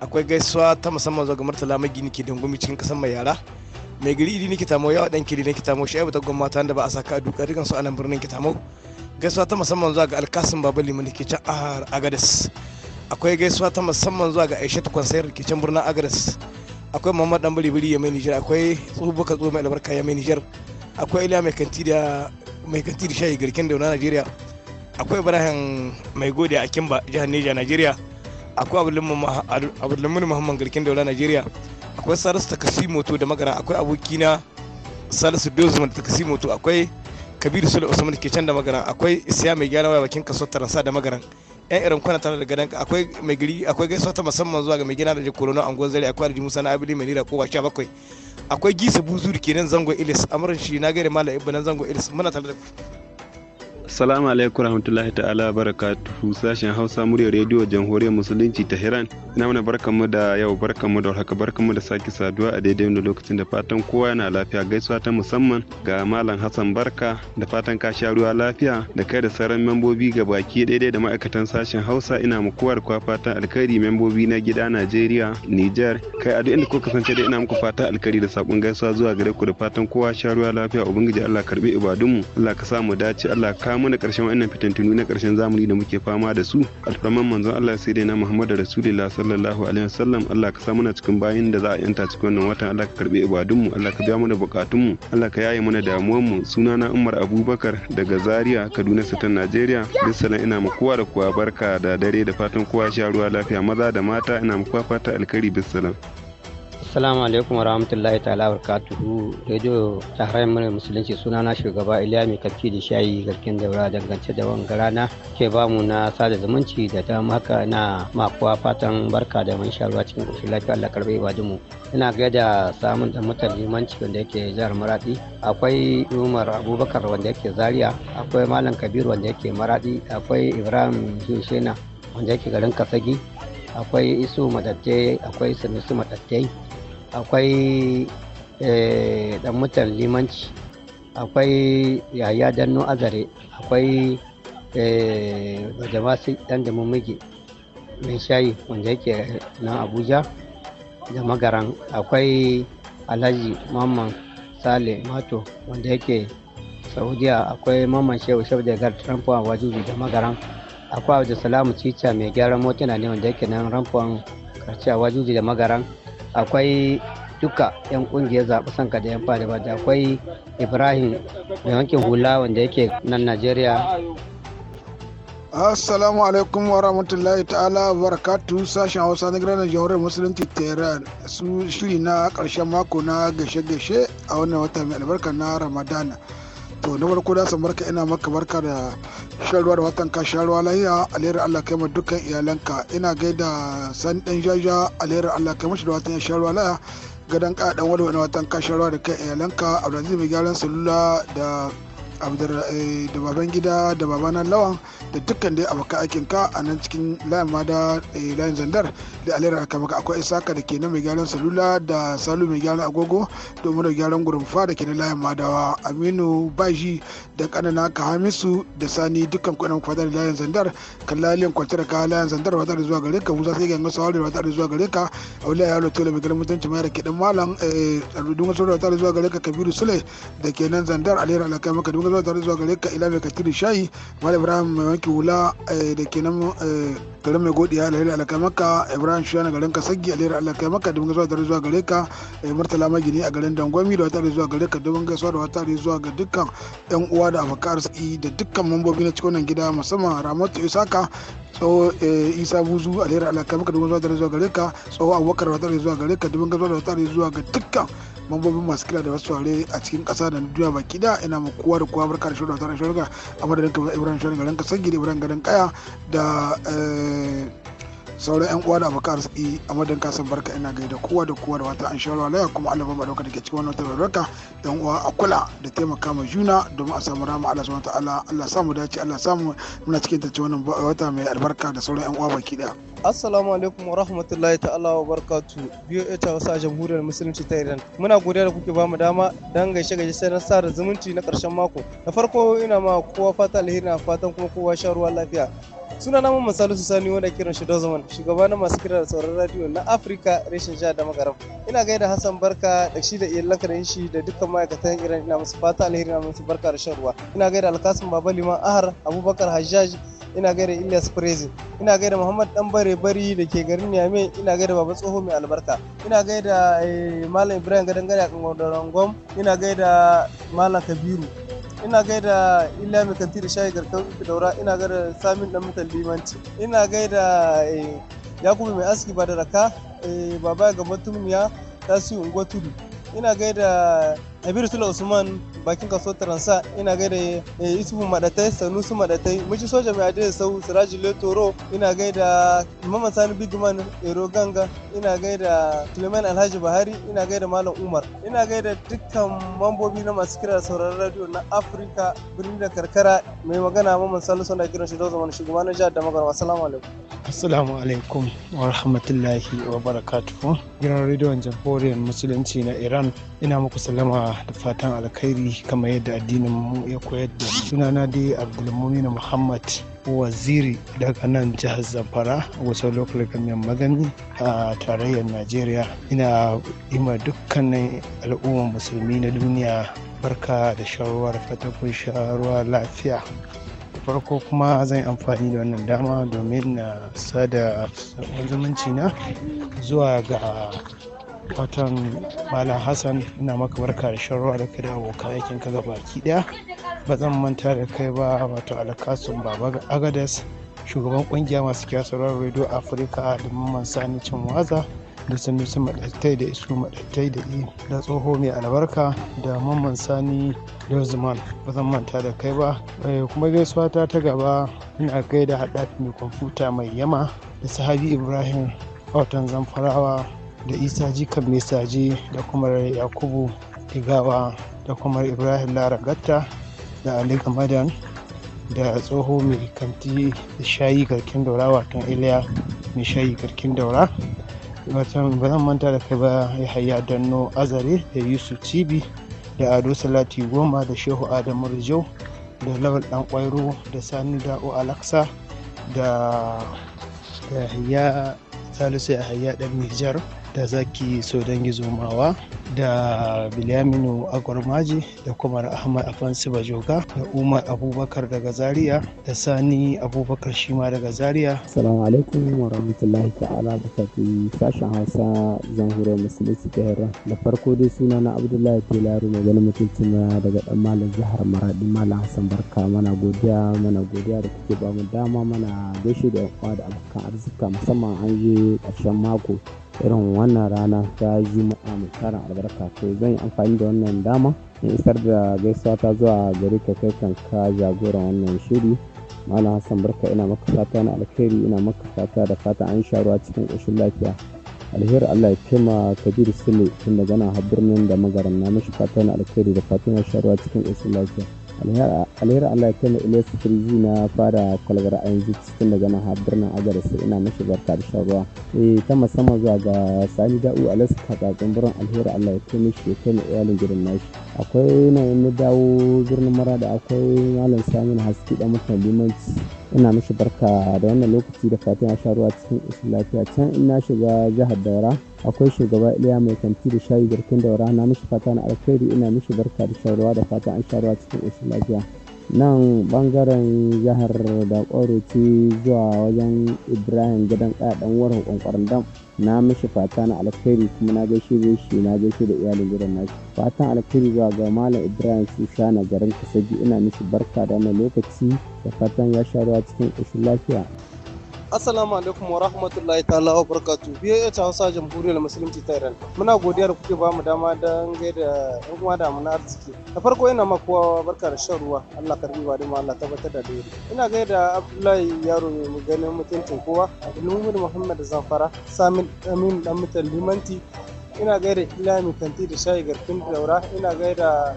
akwai gaisuwa ta musamman zuwa ga martala magini ke dangumi cikin kasan mai yara mai gari idi nake tamo yawa dan kiri nake tamo shi ta gwamnati wanda ba a saka duka dukan su a nan birnin kitamo gaisuwa ta musamman zuwa ga alkasim babali mun ke can Agadis akwai gaisuwa ta musamman zuwa ga aishatu kwansayar ke can birnin agadas akwai muhammad dan biri ya mai nijar akwai ka tsohuwa mai albarka ya mai nijar akwai iliya mai kanti da mai kanti da shayi yau na najeriya akwai ibrahim mai gode a kimba jihar neja nigeria akwai abdulmumin muhammad garkin daula nigeria akwai salisu takasi moto da magana akwai abokina salisu dozman da takasi moto akwai kabiru sule usman ke can da magana akwai isya mai gyara waya bakin kaso taransa da magana yan irin kwana tare da gadan akwai mai gari akwai gaisuwa ta musamman zuwa ga mai gina da kolono a angon zare akwai arji musa na abili mai nira ko sha bakwai akwai gisa buzuri kenan zango ilis amurin shi na gari mala ibba nan zango ilis muna tare da ku Salamu alaikum rahmatullahi ta'ala barakatuhu sashen Hausa muryar rediyo jamhuriyar musulunci ta Iran. Ina mana barkanmu da yau barkanmu da haka barkanmu da sake saduwa a daidai wani lokacin da fatan kowa yana lafiya gaisuwa ta musamman ga Malam Hassan Barka da fatan ka sha ruwa lafiya da kai da sauran membobi ga baki daidai da ma'aikatan sashen Hausa ina muku kwa fatan alkhairi membobi na gida Najeriya, Niger, kai a duk inda kuka kasance dai ina muku fatan alkhairi da sakon gaisuwa zuwa gare ku da fatan kowa sha ruwa lafiya ubangiji Allah karbi ibadunmu Allah ka sa mu dace Allah ka kawo mana karshen wannan fitantunu na karshen zamani da muke fama da su alfarman manzon Allah sai dai na Muhammadu Rasulullah sallallahu alaihi wasallam Allah ka sa mana cikin bayin da za a yanta cikin wannan watan Allah ka karbe ibadun mu Allah ka biya mana bukatun mu Allah ka yaye mana damuwan mu na Umar Abubakar daga Zaria Kaduna Sitan Najeriya bissalan ina ma kowa da kowa barka da dare da fatan kowa sha ruwa lafiya maza da mata ina ma kowa fata alkhairi bissalan Assalamu alaikum warahmatullahi ta'ala barkatuhu ta Tahrir mara Musulunci sunana shugaba Iliya mai kafi da shayi garkin daura dangance da wangarana ke bamu na sada zumunci da ta haka na makuwa fatan barka da man sha cikin ƙoshin lafiya Allah karbe ba mu. Ina ga da samun da mutan limanci wanda yake jihar Maradi akwai Umar Abubakar wanda yake Zaria akwai Malam Kabiru wanda yake Maradi akwai Ibrahim Shushena wanda yake garin Kasagi akwai Isu Madaddai akwai sanusu Madaddai akwai eh, dan mutan limanci akwai yaya danno azare akwai eh, bajamasi dan da mummige mai shayi wanda yake nan abuja da magaran akwai alhaji mamman sale mato wanda yake saudiya akwai mamman shehu shehu da gar trampuan wajibi da magaran akwai abu da salamu cica mai gyaran motuna ne wanda yake nan rampuan karciya wajibi da magaran akwai duka 'yan kungiyar zaɓi sanka da 'yan fadi da akwai ibrahim da wankin hula wanda yake nan najeriya assalamu alaikum wa rahmatullahi ta'ala barakatu sashen hausa na gidan jamhuriyar musulunci tehran su shiri na karshen mako na gashe-gashe a wannan wata mai albarka na ramadana to na farko da san barka ina maka barka da shan ruwa da watan ka shan ruwa lahiya alherin Allah kai ma dukkan iyalanka ina gaida san dan jaja alherin Allah kai mashi da watan shan ruwa lahiya gadan ka dan wani watan ka shan ruwa da kai iyalanka Abdulaziz mai gyaran salula da eh, da baban gida da babana lawan da dukkan dai abokan aikin ka a nan cikin layin ma da eh, layin zandar da alera aka maka akwai isaka da ke na mai gyaran salula da salu mai gyaran agogo domin da gyaran gurumfa da ke na layin madawa aminu baji da kanana ka hamisu da sani dukkan kuɗin da layin zandar kan layin kwantar ka layin zandar wata da zuwa gare ka musa sai gangan sawari wata da zuwa gare ka a yaro tole mai gyaran mutunci mai da ke dan malam a rudun wasu wata da zuwa gare ka kabiru sule da ke nan zandar alera alaka maka dukkan wata da zuwa gare ka ila mai katiri shayi malam ibrahim mai wanki wula eh, da ke nan eh, garin mai godiya alheri alaka maka ibrahim ibrahim shiyana garin kasagi alheri allah kai maka dubin gaisuwa da zuwa gare ka eh, murtala magini a garin dangwami da wata da zuwa gare ka domin gaisuwa da wata da zuwa ga dukkan yan uwa da abokan arziki da dukkan mambobi na cikin wannan gida musamman ramatu isaka tsawo eh, isa buzu alheri allah kai maka dubin gaisuwa da zuwa gare ka tsawo abubakar wata da zuwa gare ka domin gaisuwa da wata da zuwa ga dukkan mambobin masu kira da wasu ware a cikin kasa da duniya baki da ina mu kowa da kowa barka da shirin wata da shirin a madadin kamar ibrahim shirin garin kasagi da ibrahim garin kaya da eh, sauran yan uwa da abokan arziki a madan kasan barka ina gai da kowa da kowa da wata an shawarwa laya kuma alaba madauka da ke cikin wannan tabarruka yan uwa a kula da taimaka ma juna domin a samu rama Allah subhanahu ta'ala Allah samu dace Allah samu muna cikin ta wannan wata mai albarka da sauran yan uwa baki daya assalamu alaikum wa rahmatullahi ta'ala wa barakatu biyo ita wasa jamhuriyar musulunci ta Iran muna godiya da kuke bamu dama dan gaishe gaishe sai na sa da zumunci na karshen mako da farko ina ma kowa fata alheri na fatan kuma kowa sha ruwa lafiya suna namun misali su sani wanda kiran shi dozaman shugaba na masu kira da sauran radio na afirka reshen jihar da magaram ina gaida hassan barka da shi da iyalan da shi da dukkan ma'aikatan iran ina musu fata alheri na musu barka da shan ruwa ina gaida alkasim baba liman ahar abubakar hajjaj ina gaida Ilyas Prezi ina gaida Muhammad Dan Bare Bari da ke garin Niamey ina gaida Baba Tsoho mai albarka ina gaida eh, Malam Ibrahim Gadangare a kan Gwam ina gaida Malam Kabiru ina gaida illa mai kanti da shayi garkan daura ina gaida samin dan mutan limanci ina gaida eh, yakubu mai aski ba da raka eh, baba ga mutumiya tasi unguwa tudu ina gaida abiru sula usman bakin kaso taransa ina gaida eh, isufu madatai sanusu madatai miji soja mai adai sau siraji letoro ina gaida maman sani bigman ero ganga ina gaida suleiman alhaji bahari ina gaida malam umar ina gaida dukkan mambobi na masu kira sauraron radio na afirka birnin da karkara mai magana Mamman salisu na kiran shi da zaman shugaban jihar da magana assalamu alaikum assalamu alaikum wa rahmatullahi wa barakatuhu gidan rediyon jamhuriyar musulunci na iran ina muku sallama da fatan alkhairi Ka kamar yadda addinin mu ya koyar da mu sunana dai abdulmumin muhammad waziri daga nan jihar zamfara wasu lokacin government magani a tarayyar najeriya ina ima dukkanin al'ummar musulmi na duniya barka da shawarwar fatakun shawarwar lafiya farko kuma zan amfani da wannan dama domin na sada zumunci na zuwa ga watan malam hassan ina maka barka da shan ruwa da kai da abokan aikin ka baki daya ba zan manta da kai ba wato alakasun baba agadas shugaban kungiya masu kyasarwar radio afirka da mamman sani cin waza da su madattai da isu madattai da i da tsoho mai albarka da mamman sani lozman ba zan manta da kai ba eh, kuma gaisuwa ta ta gaba ina gaida haɗafi mai kwamfuta mai yama da sahabi ibrahim a watan zamfarawa da isa jikan mesaji da kuma yakubu igawa da kuma ibrahim laragatta da ali gamadan da tsoho mai kanti da shayi garkin daura watan iliya mai shayi garkin daura watan ba zan manta da kai ba ya haya danno azare da yusuf cibi da ado salati goma da shehu adamu rijau da lawal dan kwairo da sani da'o alaksa da ya salisu ya haya dan nijar da zaki sodan gizomawa da bilyaminu agwarmaji da kumar ahmad afansu bajoga da umar abubakar daga zaria da sani abubakar shima daga zaria salamu alaikum wa rahmatullahi ta'ala da kafi sashen hausa hura musulunci ta yara da farko dai suna na abdullahi tilaru mai ganin mutuncin daga dan malam jihar maradi malam hassan barka mana godiya mana godiya da kuke ba mu dama mana gaishe da yan uwa da abokan arzika musamman an je ƙarshen mako irin wannan rana ta juma'a mai tarin albarka to zan yi amfani da wannan dama in isar da gaisuwa ta zuwa gare ka kai ka jagoran wannan shiri malam hassan barka ina maka fata na alkhairi ina maka fata da fata an sha ruwa cikin ƙoshin lafiya alheri allah ya kema kabir sule tun da gana birnin da magarin na mashi fata na alkhairi da fata na sha cikin ƙoshin lafiya alheri allah ya kai ilesa na fara kwalbar yanzu cikin daga nan birnin agar ina mashi barka da shan ruwa eh ta musamman zuwa ga sani da'u alaska kakakon birnin alheri allah ya kai mishi ya iyalin gidan nashi akwai yanayin na dawo birnin da akwai malam samun haske da mutan limanci ina mishi barka da wannan lokaci da fatan a sha cikin isin lafiya can ina shiga jihar daura akwai shugaba iliya mai kanti da shayi garkin daura na mishi fata na alkhairi ina mishi barka da sharuwa da fatan an sha cikin isin lafiya nan bangaren jihar da ce zuwa wajen ibrahim gidan kaɗan wurin kwankwaran dam na mishi fata na alkhairi kuma na gaishe da shi na gaishe da iyalin gidan nashi fatan alkhairi zuwa ga malam ibrahim susha na garin kasaji ina mishi barka da wannan lokaci da fatan ya sha ruwa cikin ƙoshin lafiya Assalamu alaikum wa rahmatullahi ta'ala wa barkatu. Biyo ya Hausa Jamhuriyar Musulunci ta Iran. Muna godiya da kuke bamu dama don gaida ɗan uwa da muna arziki. Da farko ina ma kowa barka da shan ruwa. Allah karbi ba da Allah tabbatar da dole. Ina gaida Abdullahi Yaro mu ganin mutuncin kowa. Abdulmumin Muhammad Zamfara. Samin Amin dan mutan Limanti. Ina gaida Ilami Kanti da Shayi Garfin Daura. Ina gaida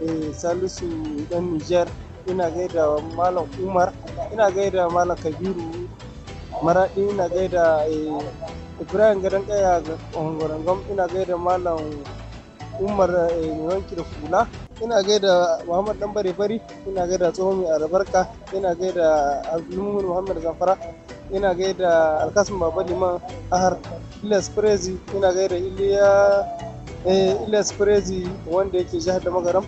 eh, Salisu dan Nijar. Ina gaida Malam Umar. Ina gaida Malam Kabiru maraɗi ina gaida eh, ibrahim gadon kaya ga ƙwangarangam ina gaida malam umar eh, wanki da fula ina gaida muhammad dan bare bari ina gaida tsohon mai albarka ina gaida abdulmumin muhammad zamfara ina gaida alkasim baba liman ahar ilyas prezi ina gaida iliya eh, ilyas prezi wanda yake jihar da magaram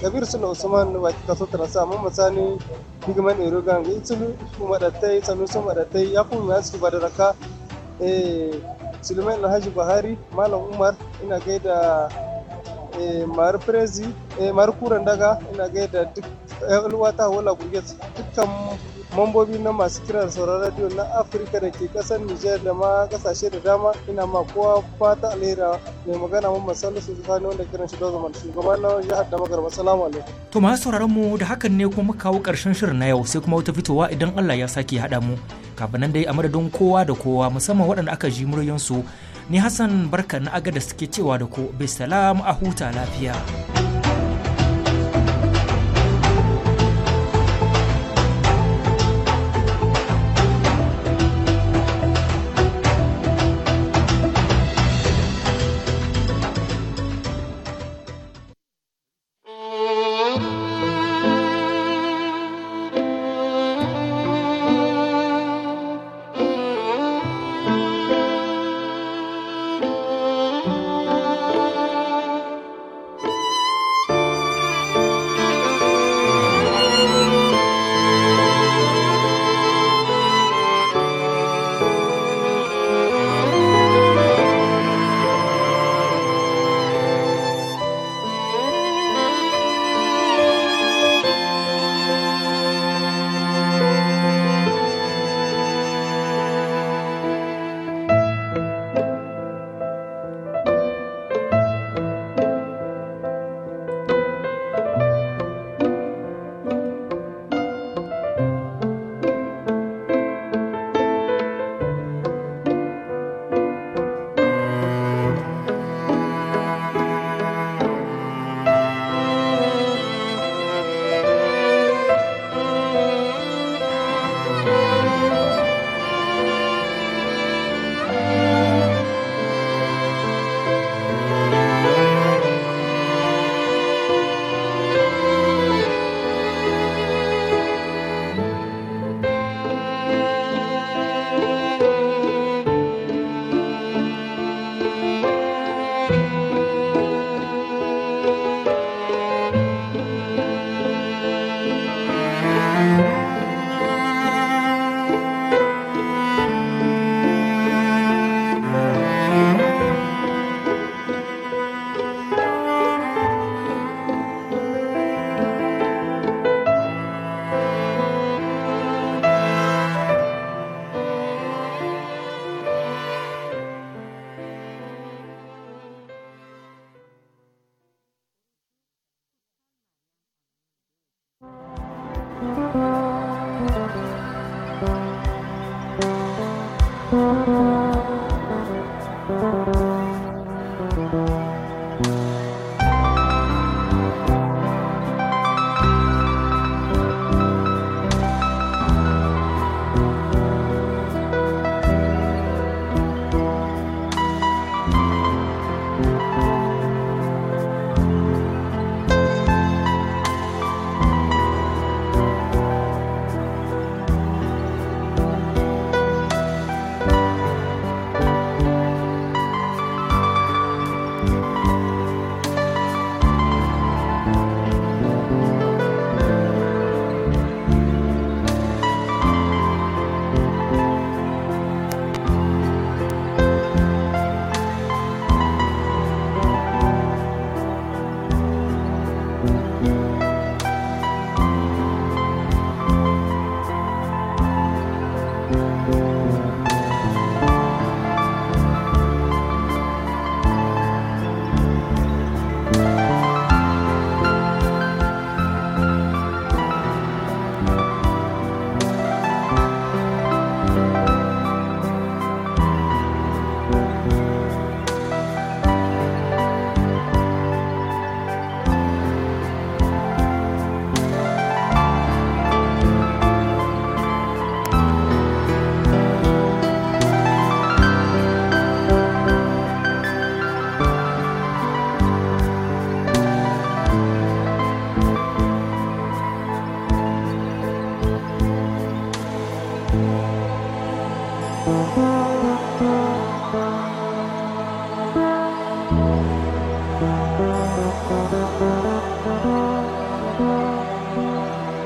kabir suna usman baki kaso sa, mun masani bigman erogan in sun madatai sanu sun madatai ya kuma ya su raka eh sulaiman alhaji buhari malam umar ina gaida eh mar prezi eh mar kuran daga ina gaida duk yan uwa ta wala gurgis dukkan mambobi na masu kiran sauran radio na afirka da ke kasar nijar da ma kasashe da dama ina ma kowa fata alhera mai magana mun masallu su tsani wanda kiran shi dozo shugaban na jihar da magarba salamu alaikum to ma sauraron mu da hakan ne kuma kawo karshen shirin na yau sai kuma wata fitowa idan Allah ya sake haɗa mu kafin nan dai a madadin kowa da kowa musamman waɗanda aka ji muryansu ni Hassan barka na agada suke cewa da ku bisalam a huta lafiya.